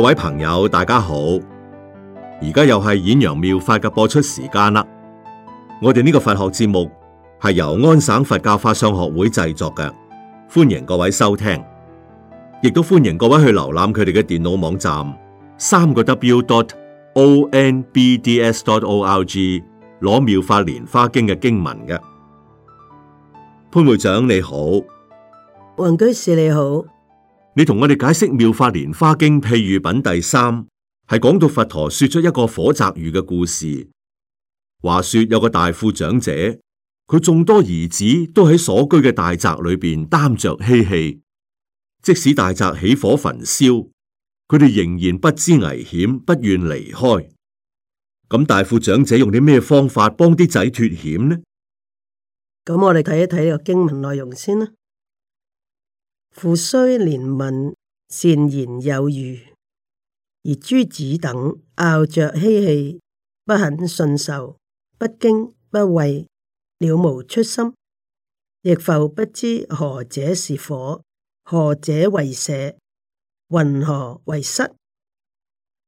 各位朋友，大家好！而家又係演揚妙法嘅播出時間啦。我哋呢個佛學節目係由安省佛教法相學會製作嘅，歡迎各位收聽，亦都歡迎各位去瀏覽佢哋嘅電腦網站三個 w.dot.o.n.b.d.s.dot.o.r.g，攞妙法蓮花經嘅經文嘅。潘會長你好，黃居士你好。你同我哋解釋《妙法蓮華經》譬喻品第三，係講到佛陀說出一個火宅喻嘅故事。話說有個大富長者，佢眾多兒子都喺所居嘅大宅裏邊擔着嬉戲，即使大宅起火焚燒，佢哋仍然不知危險，不願離開。咁大富長者用啲咩方法幫啲仔脫險呢？咁我哋睇一睇呢個經文內容先啦。父雖憐憫善言有餘，而諸子等拗着嬉戲，不肯信受，不驚不畏，了無出心，亦復不知何者是火，何者為舍，云何為失？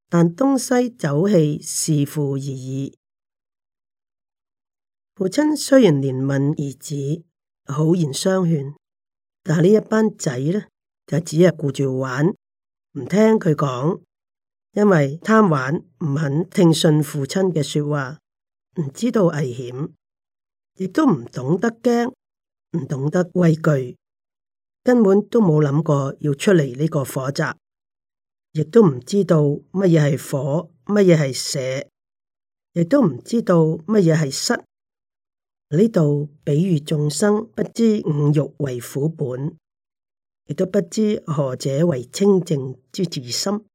但東西走氣是父而已。父親雖然憐憫兒子，好言相勸。但係呢一班仔咧，就只係顧住玩，唔聽佢講，因為貪玩，唔肯聽信父親嘅說話，唔知道危險，亦都唔懂得驚，唔懂得畏懼，根本都冇諗過要出嚟呢個火宅，亦都唔知道乜嘢係火，乜嘢係蛇，亦都唔知道乜嘢係失。呢度比喻眾生不知五欲為苦本，亦都不知何者為清淨之自心，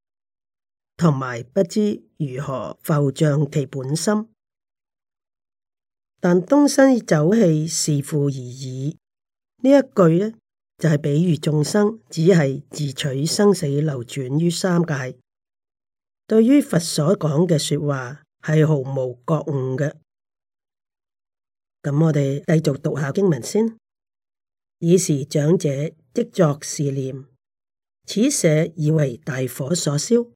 同埋不知如何浮障其本心。但東西走戲，視父而已。呢一句呢，就係、是、比喻眾生只係自取生死流轉於三界，對於佛所講嘅說話係毫無覺悟嘅。咁、嗯、我哋繼續讀下經文先，是時長者即作是念：此舍已為大火所燒，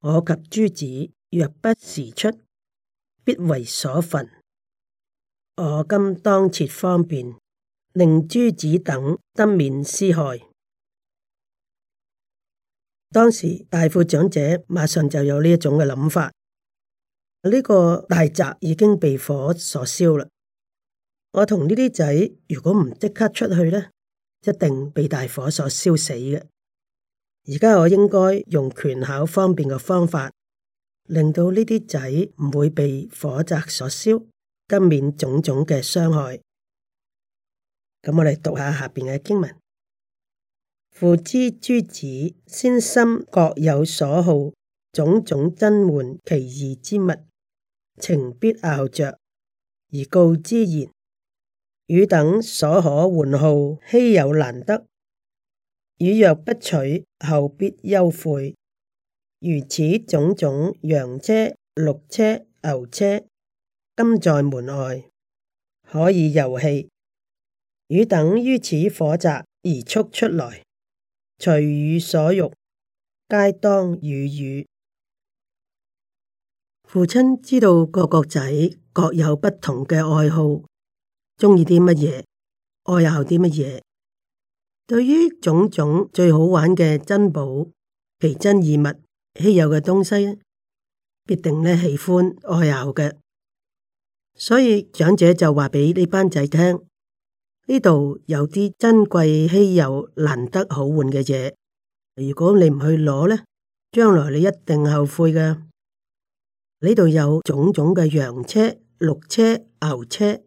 我及諸子若不時出，必為所焚。我今當設方便，令諸子等得免斯害。當時大富長者馬上就有呢一種嘅諗法，呢、這個大宅已經被火所燒啦。我同呢啲仔如果唔即刻出去呢，一定被大火所燒死嘅。而家我應該用權巧方便嘅方法，令到呢啲仔唔會被火宅所燒，更免種種嘅傷害。咁我哋讀下下邊嘅經文：父之諸子，先心各有所好，種種珍玩奇異之物，情必拗着而告之言。汝等所可玩好，稀有難得。汝若不取，後必憂悔。如此種種，羊車、鹿車、牛車，今在門外，可以遊戲。汝等於此火宅而速出來，隨汝所欲，皆當與汝。父親知道各個仔各有不同嘅愛好。中意啲乜嘢，愛好啲乜嘢，對於種種最好玩嘅珍寶、奇珍異物、稀有嘅東西，必定咧喜歡愛好嘅。所以長者就話畀呢班仔聽：呢度有啲珍貴稀有、難得好玩嘅嘢，如果你唔去攞咧，將來你一定後悔嘅。呢度有種種嘅羊車、鹿車、牛車。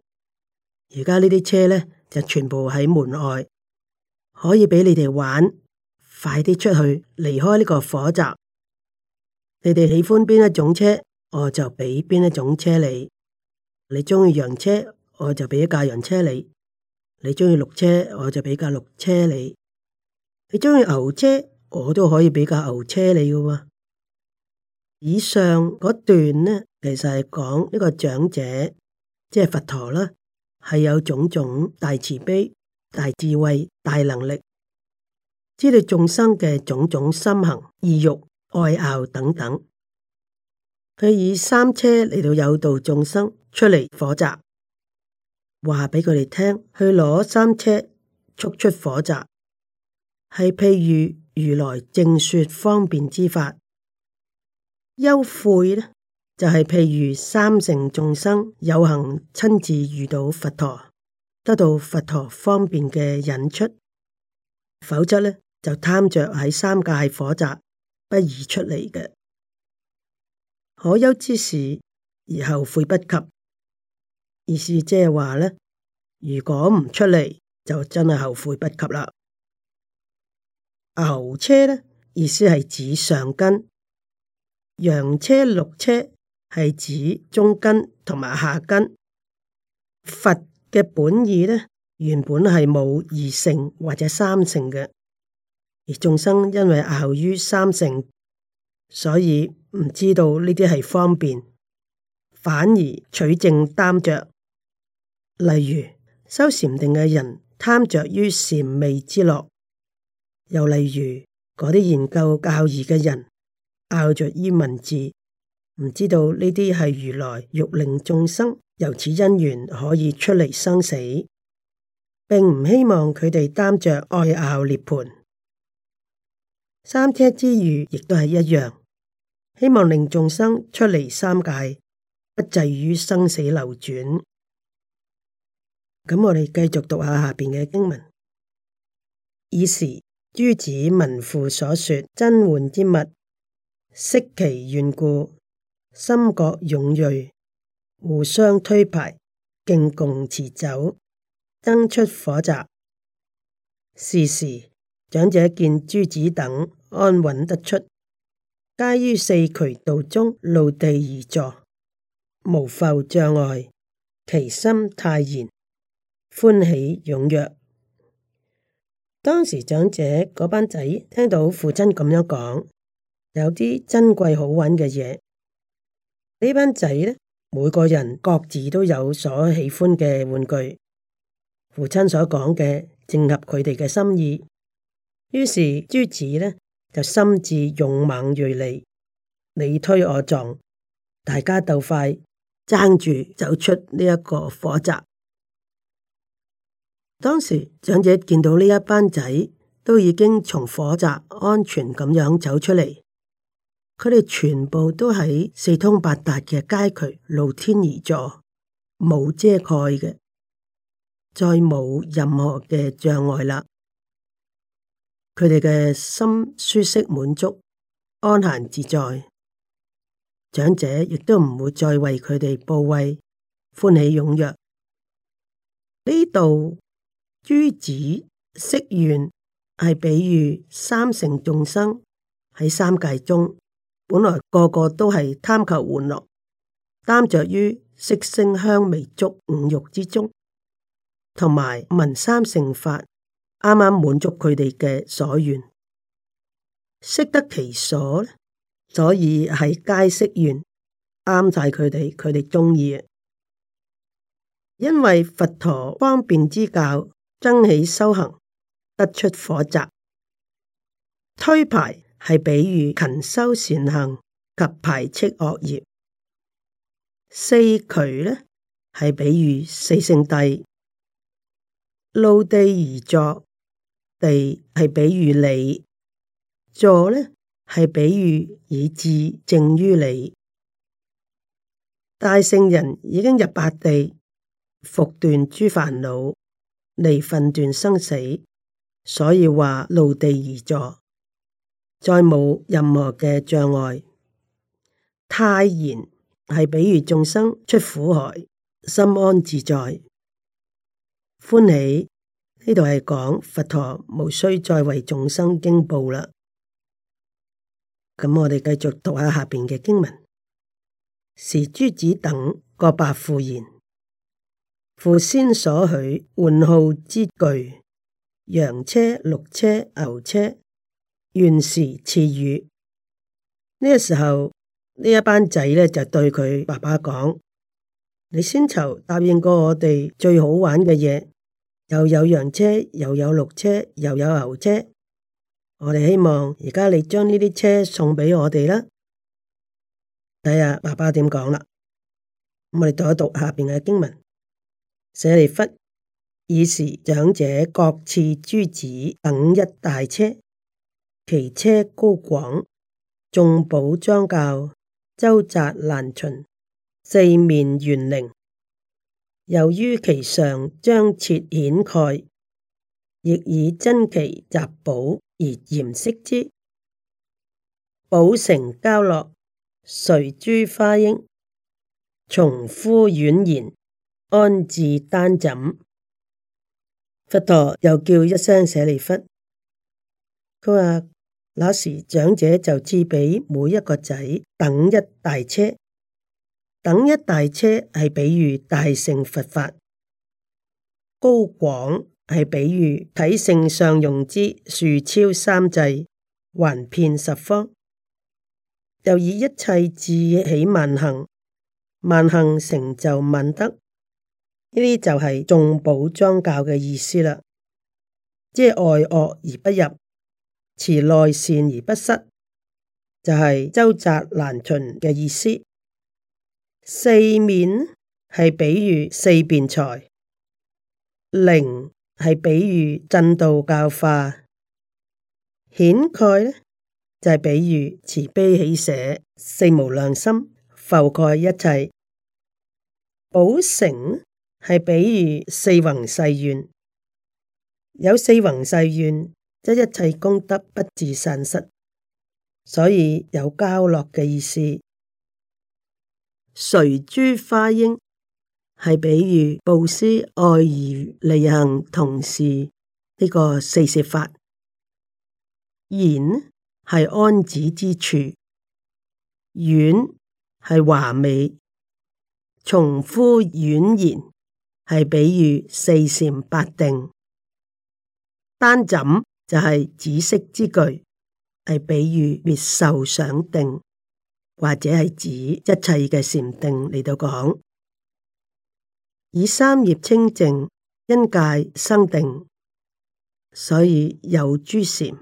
而家呢啲車咧，就全部喺門外，可以畀你哋玩。快啲出去，離開呢個火宅。你哋喜歡邊一種車，我就畀邊一種車你。你鍾意羊車，我就畀一架羊車你；你鍾意鹿車，我就畀架鹿車你；你鍾意牛車，我都可以俾架牛車你噶喎。以上嗰段咧，其實係講呢個長者，即係佛陀啦。係有種種大慈悲、大智慧、大能力，知道眾生嘅種種心行、意欲、愛、傲等等，佢以三車嚟到誘導眾生出嚟火宅，話畀佢哋聽，去攞三車速出火宅，係譬如如來正說方便之法，憂悔呢？就係譬如三乘眾生有幸親自遇到佛陀，得到佛陀方便嘅引出，否則呢就貪着喺三界火宅，不宜出嚟嘅。可憂之事，而後悔不及，意思即係話呢，如果唔出嚟，就真係後悔不及啦。牛車呢，意思係指上根，羊車、鹿車。係指中根同埋下根。佛嘅本意呢，原本係冇二乘或者三乘嘅，而眾生因為拗於三乘，所以唔知道呢啲係方便，反而取正擔着。例如修禪定嘅人，貪着於禪味之樂；又例如嗰啲研究教義嘅人，拗着於文字。唔知道呢啲係如來欲令眾生由此因緣可以出離生死，並唔希望佢哋耽著愛樂涅槃。三聽之喻亦都係一樣，希望令眾生出離三界，不滯於生死流轉。咁我哋繼續讀下下邊嘅經文。爾時諸子聞父所說珍玩之物，適其願故，心覺勇銳，互相推牌，競共馳走，爭出火宅。是時，時，長者見諸子等安穩得出，皆於四衢道中露地而坐，無復障礙。其心泰然，歡喜踊躍。當時長者嗰班仔聽到父親咁樣講，有啲珍貴好玩嘅嘢。呢班仔呢，每個人各自都有所喜歡嘅玩具。父親所講嘅正合佢哋嘅心意，於是諸子呢，就心智勇猛銳利，你推我撞，大家鬥快，爭住走出呢一個火宅。當時長者見到呢一班仔都已經從火宅安全咁樣走出嚟。佢哋全部都喺四通八達嘅街衢，露天而坐，冇遮蓋嘅，再冇任何嘅障礙啦。佢哋嘅心舒適滿足，安閒自在，長者亦都唔會再為佢哋怖畏，歡喜踴躍。呢度諸子釋緣係比喻三乘眾生喺三界中。本來個個都係貪求玩樂，擔着於色聲香味觸五欲之中，同埋聞三乘法啱啱滿足佢哋嘅所願，識得其所，所以係皆識緣啱晒佢哋，佢哋中意，因為佛陀方便之教，增起修行，得出火宅，推牌。係比喻勤修善行及排斥惡業。四渠呢，係比喻四聖諦。露地而坐，地係比喻理，坐呢，係比喻以至正於理。大聖人已經入八地，復斷諸煩惱，離分斷生死，所以話露地而坐。再冇任何嘅障礙，泰然係比喻眾生出苦海，心安自在歡喜。呢度係講佛陀無需再為眾生驚怖啦。咁我哋繼續讀下下邊嘅經文，時諸子等各白父言：父先所許喚號之具，羊車、鹿車、牛車。原是賜予，呢個時候，一呢一班仔咧，就對佢爸爸講：你先頭答應過我哋最好玩嘅嘢，又有羊車，又有鹿車，又有牛車，我哋希望而家你將呢啲車送畀我哋啦。睇下爸爸點講啦。我哋讀一讀下邊嘅經文：舍利弗，爾時長者各賜諸子等一大車。其車高廣，眾寶莊校，周匝欄楯，四面懸鈴。又於其上張設幰蓋，亦以珍奇雜寶而嚴飾之。寶繩絞絡，垂諸華纓，重敷綩綖，安置丹枕。佛陀又叫一聲舍利弗，佢話。那時長者就知俾每一個仔等一大車，等一大車係比喻大乘佛法高廣，係比喻體性上融之，豎超三際，橫遍十方，又以一切智起萬行，萬行成就萬德，呢啲就係眾寶莊校嘅意思啦，即係外惡而不入。持內善而不失，就係、是、周匝難尋嘅意思。四面呢係比喻四辯才，零係比喻正道教化，顯蓋呢就係比喻慈悲喜捨，四無量心覆蓋一切。寶城呢係比喻四弘誓願，有四弘誓願。即一切功德不自散失，所以有交絡嘅意思。垂諸華纓係比喻布施、愛語、利行同事呢、這個四攝法。筵係安止之處，婉係華美，重敷婉筵係比喻四禪八定，丹枕。就係紫色之句，係比喻滅受想定，或者係指一切嘅禪定嚟到講，以三業清淨，因戒生定，所以有諸禪。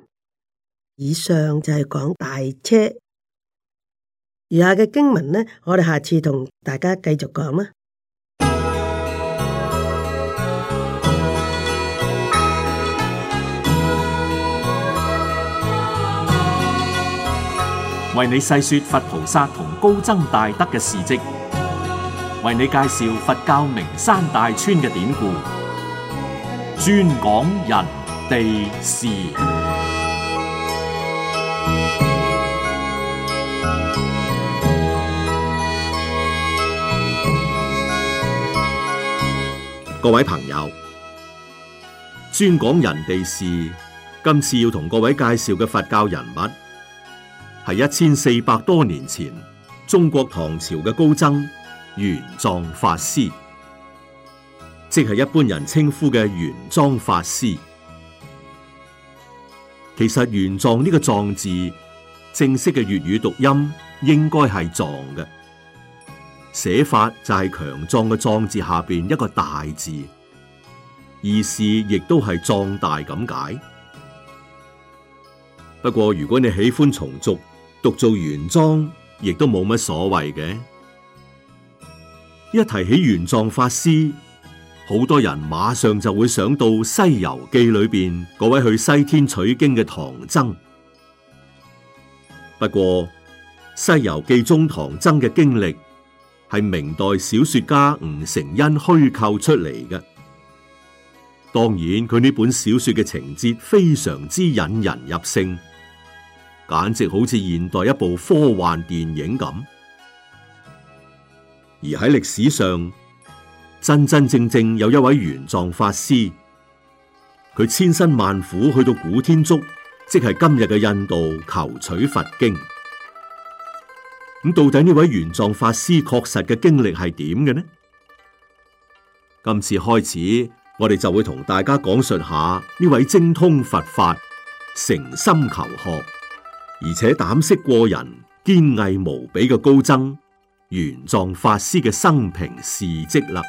以上就係講大車，以下嘅經文呢，我哋下次同大家繼續講啦。為你細說佛菩薩同高僧大德嘅事跡，為你介紹佛教名山大川嘅典故，專講人地事。各位朋友，專講人地事，今次要同各位介紹嘅佛教人物。係一千四百多年前，中國唐朝嘅高僧玄奘法師，即係一般人稱呼嘅玄奘法師。其實玄奘呢個“奘”字，正式嘅粵語讀音應該係“壯”嘅，寫法就係強壯嘅“壯”字下邊一個大字，意思亦都係壯大咁解。不過如果你喜歡從俗，讀做原裝亦都冇乜所謂嘅。一提起玄奘法師，好多人馬上就會想到《西遊記裏面》裏邊嗰位去西天取經嘅唐僧。不過《西遊記》中唐僧嘅經歷係明代小說家吳承恩虛構出嚟嘅。當然，佢呢本小說嘅情節非常之引人入勝。簡直好似現代一部科幻電影咁。而喺歷史上，真真正正有一位玄奘法師，佢千辛萬苦去到古天竺，即係今日嘅印度求取佛經。咁到底呢位玄奘法師確實嘅經歷係點嘅呢？今次開始，我哋就會同大家講述下呢位精通佛法、誠心求學。而且膽識過人、堅毅無比嘅高僧玄奘法師嘅生平事迹啦。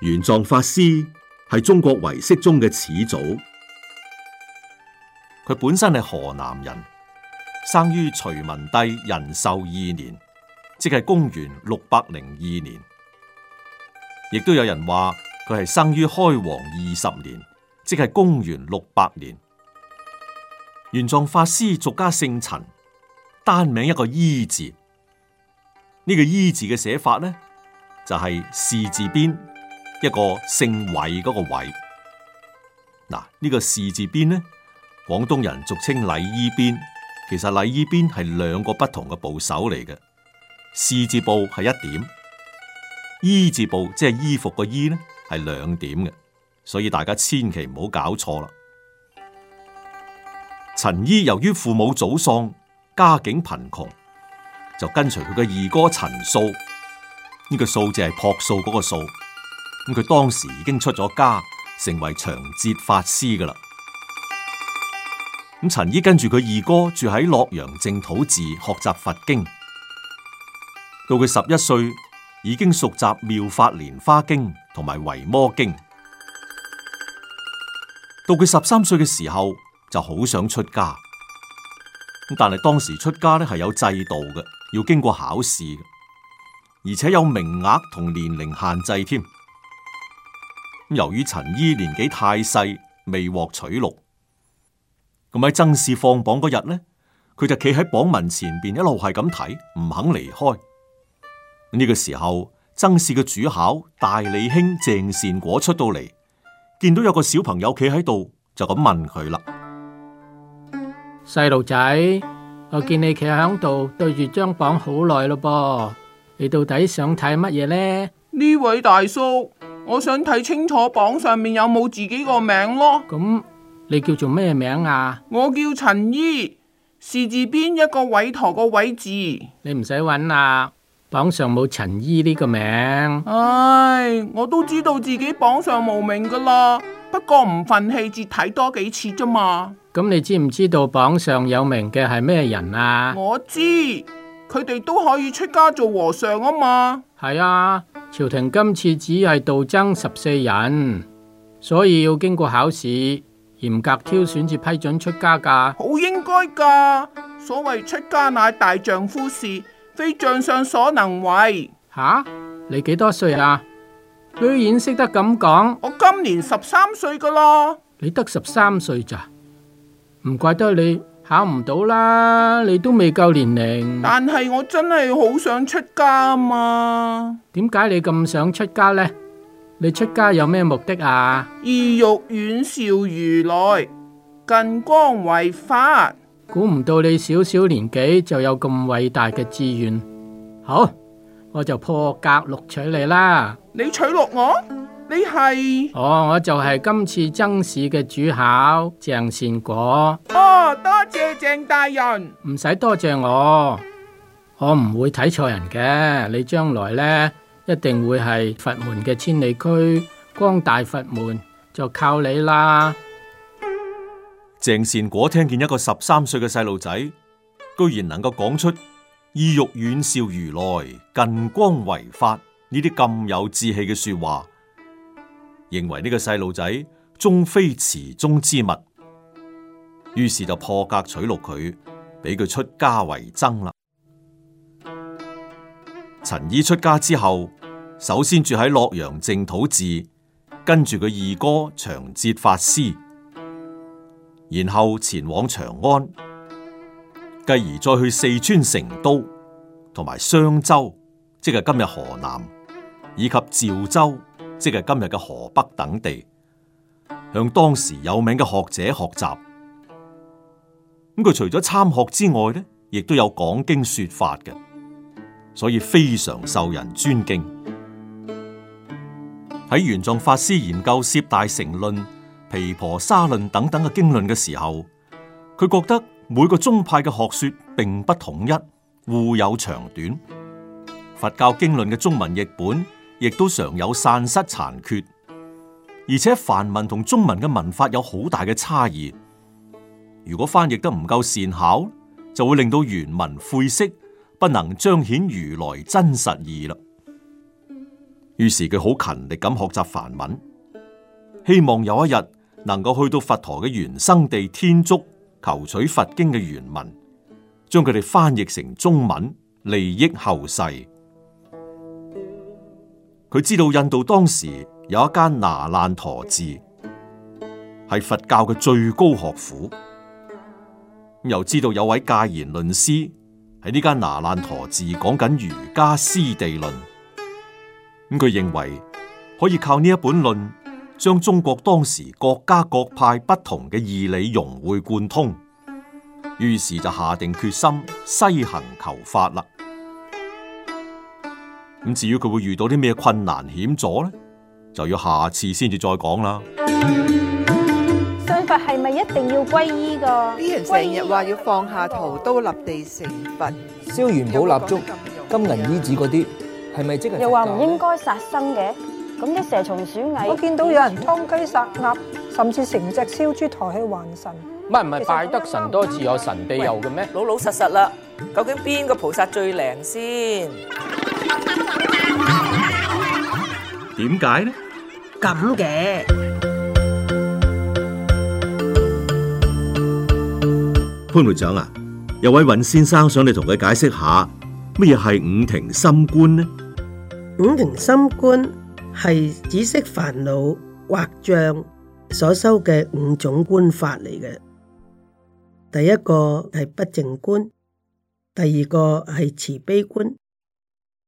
玄奘法師係中國唯識中嘅始祖，佢本身係河南人，生於隋文帝仁壽二年，即係公元六百零二年，亦都有人話佢係生於開皇二十年，即係公元六百年。玄奘法師俗家姓陳，單名一個禕字。呢個禕字嘅寫法呢，就係士字邊一個姓韋嗰個韋。嗱，呢個士字邊呢，廣東人俗稱禮衣邊。其實禮衣邊係兩個不同嘅部首嚟嘅。士字部係一點，衣字部即係衣服嘅衣呢係兩點嘅，所以大家千祈唔好搞錯啦。陳姨由於父母早喪，家境貧窮，就跟隨佢嘅二哥陳素。呢、這個素字係樸素嗰個素。咁佢當時已經出咗家，成為長捷法師噶啦。咁陳依跟住佢二哥住喺洛陽淨土寺學習佛經。到佢十一歲已經熟習妙法蓮花經同埋維摩經。到佢十三歲嘅時候。就好想出家，但係當時出家咧，係有制度嘅，要經過考試，而且有名額同年齡限制添。由於陳禕年紀太細，未獲取錄。咁喺曾氏放榜嗰日呢，佢就企喺榜文前邊一路係咁睇，唔肯離開。呢個時候，曾氏嘅主考大理卿鄭善果出到嚟，見到有個小朋友企喺度，就咁問佢啦。細路仔，我見你企響度對住張榜好耐咯噃，你到底想睇乜嘢呢？呢位大叔，我想睇清楚榜上面有冇自己個名咯。咁你叫做咩名啊？我叫陳禕，示字邊一個韋陀個韋字。你唔使揾啦，榜上冇陳禕呢個名。唉，我都知道自己榜上無名噶啦。不過唔忿氣，至睇多幾次咋嘛？咁、嗯、你知唔知道榜上有名嘅係咩人啊？我知，佢哋都可以出家做和尚啊嘛。係啊，朝廷今次只係度僧十四人，所以要經過考試，嚴格挑選至批准出家噶。好、嗯、應該噶，所謂出家乃大丈夫事，非將相所能為。吓、啊，你幾多歲啦、啊？居然識得咁講，我今年十三歲噶啦，你得十三歲咋？唔怪得你考唔到啦，你都未夠年齡。但係我真係好想出家啊嘛！點解你咁想出家呢？你出家有咩目的啊？意欲遠紹如來，近光遺法。估唔到你小小年紀就有咁偉大嘅志願。好，我就破格錄取你啦！你取落我？你係哦，我就係今次僧試嘅主考鄭善果。哦，多謝鄭大人，唔使多謝我，我唔會睇錯人嘅。你將來呢，一定會係佛門嘅千里駒，光大佛門就靠你啦。鄭善果聽見一個十三歲嘅細路仔，居然能夠講出意欲遠紹如來，近光遺法，呢啲咁有志氣嘅說話，認為呢個細路仔終非池中之物，於是就破格取錄佢，俾佢出家為僧啦。陳禕出家之後，首先住喺洛陽淨土寺，跟住佢二哥長捷法師，然後前往長安，繼而再去四川成都同埋相州，即係今日河南。以及趙州，即係今日嘅河北等地，向當時有名嘅學者學習。咁佢除咗參學之外呢，亦都有講經說法嘅，所以非常受人尊敬。喺玄奘法師研究攝大乘論、毗婆沙論等等嘅經論嘅時候，佢覺得每個宗派嘅學說並不統一，互有長短。佛教經論嘅中文譯本，亦都常有散失殘缺，而且梵文同中文嘅文法有好大嘅差異。如果翻譯得唔夠善巧，就會令到原文晦澀，不能彰顯如來真實義啦。於是佢好勤力咁學習梵文，希望有一日能夠去到佛陀嘅原生地天竺，求取佛經嘅原文，將佢哋翻譯成中文，利益後世。佢知道印度當時有一間那爛陀寺，係佛教嘅最高學府。又知道有位戒賢論師喺呢間那爛陀寺講緊瑜伽師地論，咁佢認為可以靠呢一本論將中國當時各家各派不同嘅義理融會貫通，於是就下定決心西行求法啦。咁至於佢會遇到啲咩困難險阻咧，就要下次先至再講啦。信佛係咪一定要皈依噶？啲人成日話要放下屠刀立地成佛，燒元寶蠟燭、金銀衣紙嗰啲，係咪即係？又話唔應該殺生嘅，咁啲蛇蟲鼠蟻，我見到有人劏雞殺鴨，甚至成隻燒豬抬去還神。唔係唔係，拜得神多自有神庇佑嘅咩？老老實實啦，究竟邊個菩薩最靈先？點解呢？咁嘅潘會長啊，有位尹先生想你同佢解釋下乜嘢係五停心觀呢？五停心觀係止息煩惱惑障所修嘅五種觀法嚟嘅。第一個係不淨觀，第二個係慈悲觀，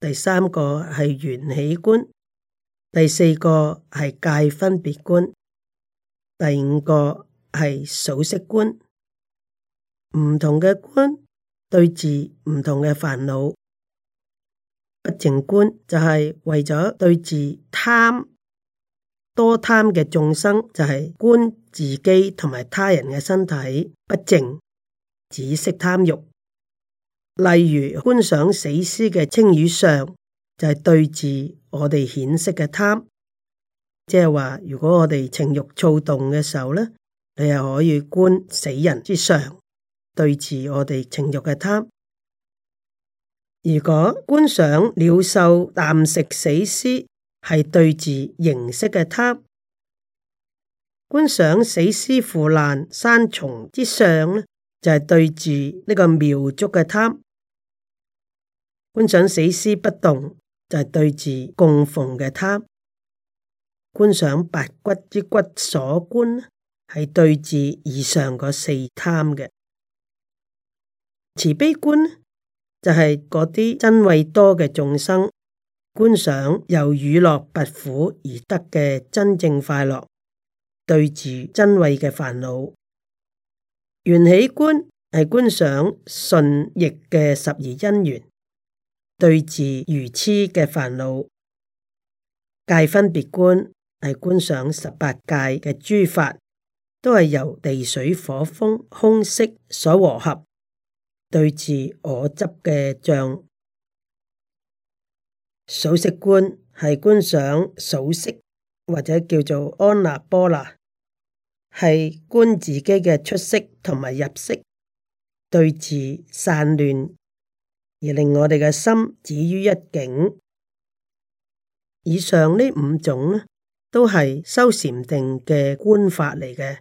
第三個係緣起觀。第四個係界分別觀，第五個係數息觀。唔同嘅觀對治唔同嘅煩惱。不淨觀就係為咗對治貪多貪嘅眾生，就係觀自己同埋他人嘅身體不淨，止息貪欲。例如觀想死屍嘅青瘀相。就係對住我哋顯色嘅貪，即係話如果我哋情欲躁動嘅時候咧，你又可以觀死人之相，對住我哋情欲嘅貪。如果觀賞鳥獸啖食死屍，係對住形色嘅貪；觀賞死屍腐爛生蟲之相，咧，就係、是、對住呢個妙觸嘅貪；觀賞死屍不動。就係對住供奉嘅貪，觀想白骨之骨鎖觀，係對住以上個四貪嘅慈悲觀。就係嗰啲瞋恚多嘅眾生觀想由與樂拔苦而得嘅真正快樂，對住瞋恚嘅煩惱。緣起觀係觀想順逆嘅十二因緣。對治愚痴嘅煩惱，界分別觀係觀想十八界嘅諸法，都係由地水火風空識所和合。對治我執嘅像。數息觀係觀想數息，或者叫做安那般那，係觀自己嘅出息同埋入息，對治散亂。而令我哋嘅心止於一境。以上呢五種呢都係修禪定嘅觀法嚟嘅，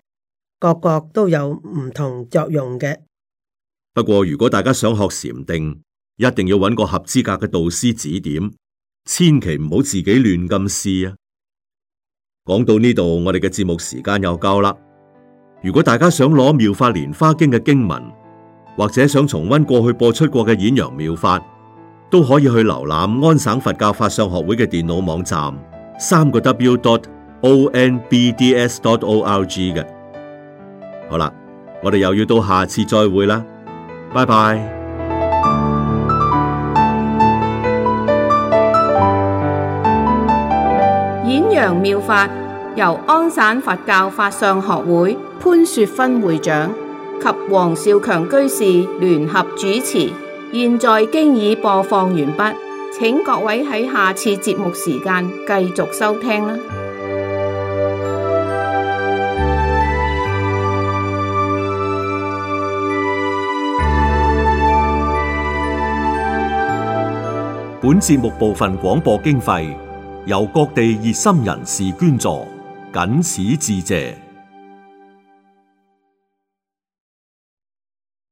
各各都有唔同作用嘅。不過如果大家想學禪定，一定要揾個合資格嘅導師指點，千祈唔好自己亂咁試啊。講到呢度，我哋嘅節目時間又夠啦。如果大家想攞《妙法蓮花經》嘅經文，或者想重溫過去播出過嘅演揚妙法，都可以去瀏覽安省佛教法相學會嘅電腦網站，三個 W dot O N B D S dot O L G 嘅。好啦，我哋又要到下次再會啦，拜拜。演揚妙法由安省佛教法相學會潘雪芬會長。及王少強居士聯合主持，現在經已播放完畢，請各位喺下次節目時間繼續收聽啦。本節目部分廣播經費由各地熱心人士捐助，謹此致謝。